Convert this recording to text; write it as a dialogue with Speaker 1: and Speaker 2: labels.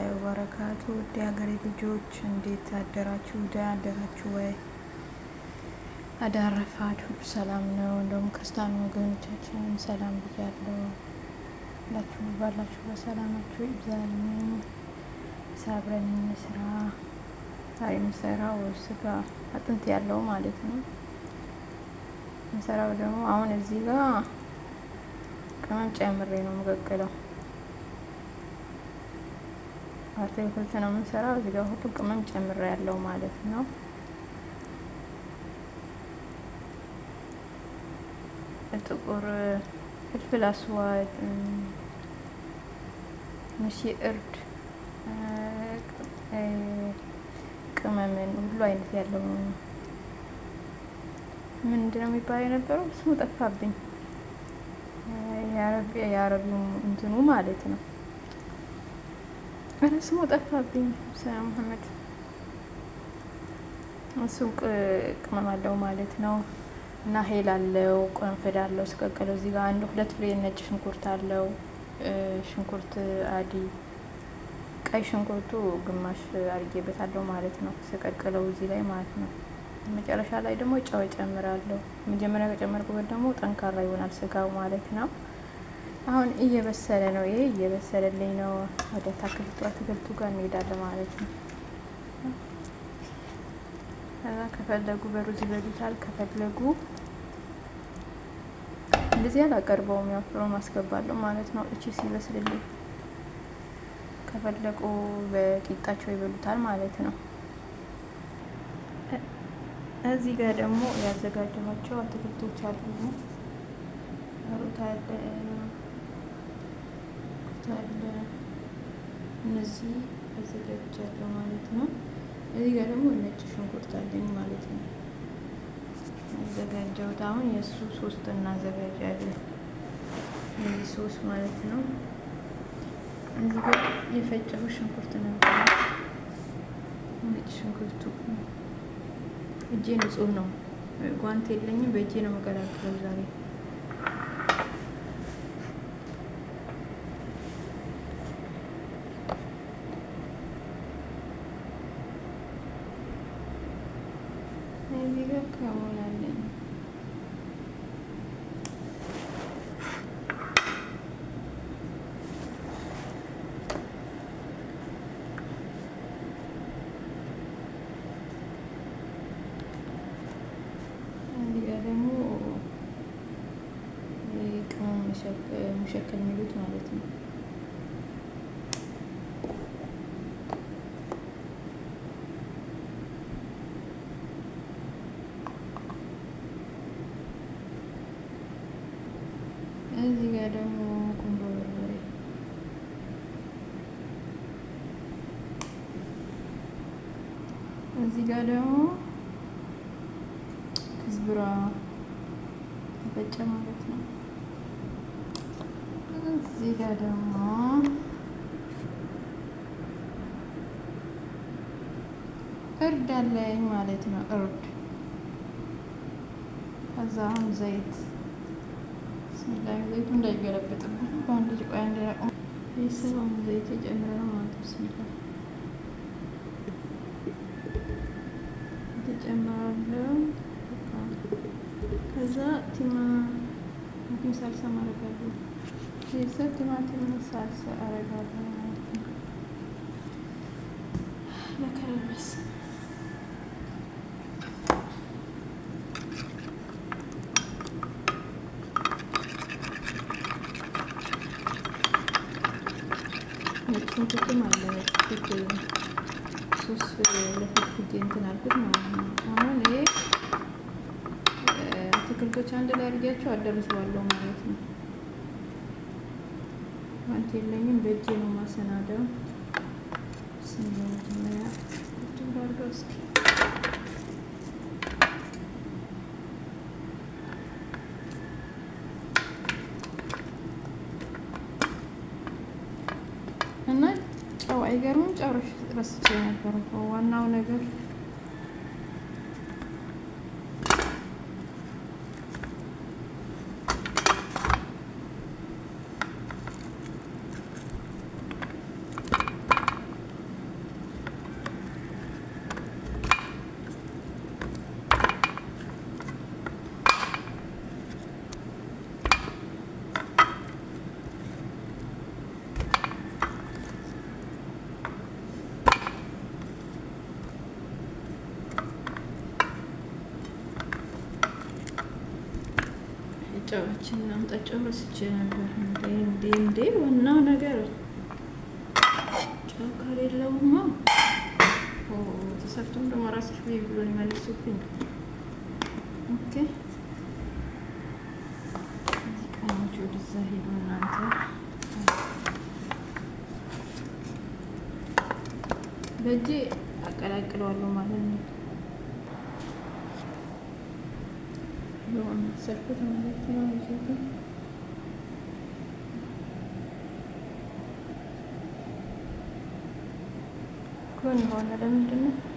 Speaker 1: ወራህመቱላሂ ወበረካቱ ውድ ሀገሬ ልጆች እንዴት አደራችሁ? ደ አደራችሁ ወይ አዳረፋችሁ? ሰላም ነው። እንደውም ክርስቲያን ወገኖቻችን ሰላም ብያለሁ። ሁላችሁ ባላችሁ በሰላማችሁ ይብዛልኝ። ሳብረን እንስራ። ዛሬ የምሰራው ስጋ አጥንት ያለው ማለት ነው። የምሰራው ደግሞ አሁን እዚህ ጋር ቅመም ጨምሬ ነው የምቀቅለው አትክልት ነው የምንሰራው። እዚህ ጋር ሁሉ ቅመም ጨምሬ ያለው ማለት ነው። ጥቁር ፍልፍል አስዋድ፣ ምሺ እርድ፣ ቅመምን ሁሉ አይነት ያለው ምንድነው የሚባለው የነበረው ስሙ ጠፋብኝ። የአረቢው እንትኑ ማለት ነው ኧረ ስሙ ጠፋብኝ። ሙሀመድ ሱቅ ቅመም አለው ማለት ነው እና ሄል አለው፣ ቆንፍድ አለው፣ ስቀቀለው። እዚህ ጋር አንድ ሁለት ፍሬ ነጭ ሽንኩርት አለው። ሽንኩርት አዲ ቀይ ሽንኩርቱ ግማሽ አድርጌበታለሁ ማለት ነው። ስቀቅለው እዚህ ላይ ማለት ነው። መጨረሻ ላይ ደግሞ ጨው ጨምራለሁ። መጀመሪያ ከጨመርኩበት ደግሞ ጠንካራ ይሆናል ስጋው ማለት ነው። አሁን እየበሰለ ነው። ይሄ እየበሰለልኝ ነው። ወደ ታክልቱ አትክልቱ ጋር እንሄዳለን ማለት ነው። ከዛ ከፈለጉ በሩዝ ይበሉታል፣ ከፈለጉ እንደዚህ አላቀርበውም። ያው ፍሮም አስገባለሁ ማለት ነው። እቺ ሲበስልልኝ ከፈለቁ በቂጣቸው ይበሉታል ማለት ነው። እዚህ ጋር ደግሞ ያዘጋጀኋቸው አትክልቶች አሉ ሩታ ያለ አለ። እነዚህ አዘጋጅቻለሁ ማለት ነው። እዚህ ጋር ደግሞ ነጭ ሽንኩርት አለኝ ማለት ነው። አዘጋጀሁት አሁን የእሱ ሶስት እናዘጋጃለን። እነዚህ ሶስት ማለት ነው። እዚህ ጋር የፈጨሁ ሽንኩርት ነበር። ነጭ ሽንኩርቱ እጄ ንጹህ ነው። ጓንት የለኝም። በእጄ ነው መቀላቅለው ዛሬ ከሆናለኝ ደግሞ ቅመም ሙሸክ የሚሉት ማለት ነው። እዚህ ጋር ደግሞ ክዝብራ ተፈጨ ማለት ነው። እዚህ ጋር ደግሞ እርድ አለኝ ማለት ነው። እርድ ከዛ አሁን ዘይት ስላ ዘይቱ እንዳይገለብጥብኝ በአንድ ቆያ እንዲያቆ ቤተሰብ አሁን ዘይት ነው ማለት ብስሚላ ጨምራለሁ። ከዛ ቲማ ቲም ሳልሳ ማረጋለሁ። የዛ ቲማቲም ሳልሳ አረጋለሁ ማለት ነው። ለከረበስ ሽንኩርትም አለ ሶስ ለፍትፍት እንትን አልኩት ማለት ነው። አሁን ይሄ አትክልቶች አንድ ላይ አድርጊያቸው አደርሰዋለሁ ማለት ነው። ባንት የለኝም በእጄ ነው ማሰናደው። ስንጀመሪያ ትንባርዶ እስኪ እና ጨው አይገርምም። ጨረሽ ረስቼ ነበር። ዋናው ነገር ጨዋችን አምጣ። ጨው ረስቼ ነበር። እንዴ እንዴ እንዴ! ዋናው ነገር ጨው ከሌለውማ ተሰርቶም ደግሞ ራስሽ ወይ ብሎ ሊመልሱብኝ። ኦኬ ቃሞች ወደዛ ሄዱ እናንተ በእጄ አቀላቅለዋለሁ ማለት ነው። సరిపోతుంది కొన్ని బాగున్నారా ఏంటంటే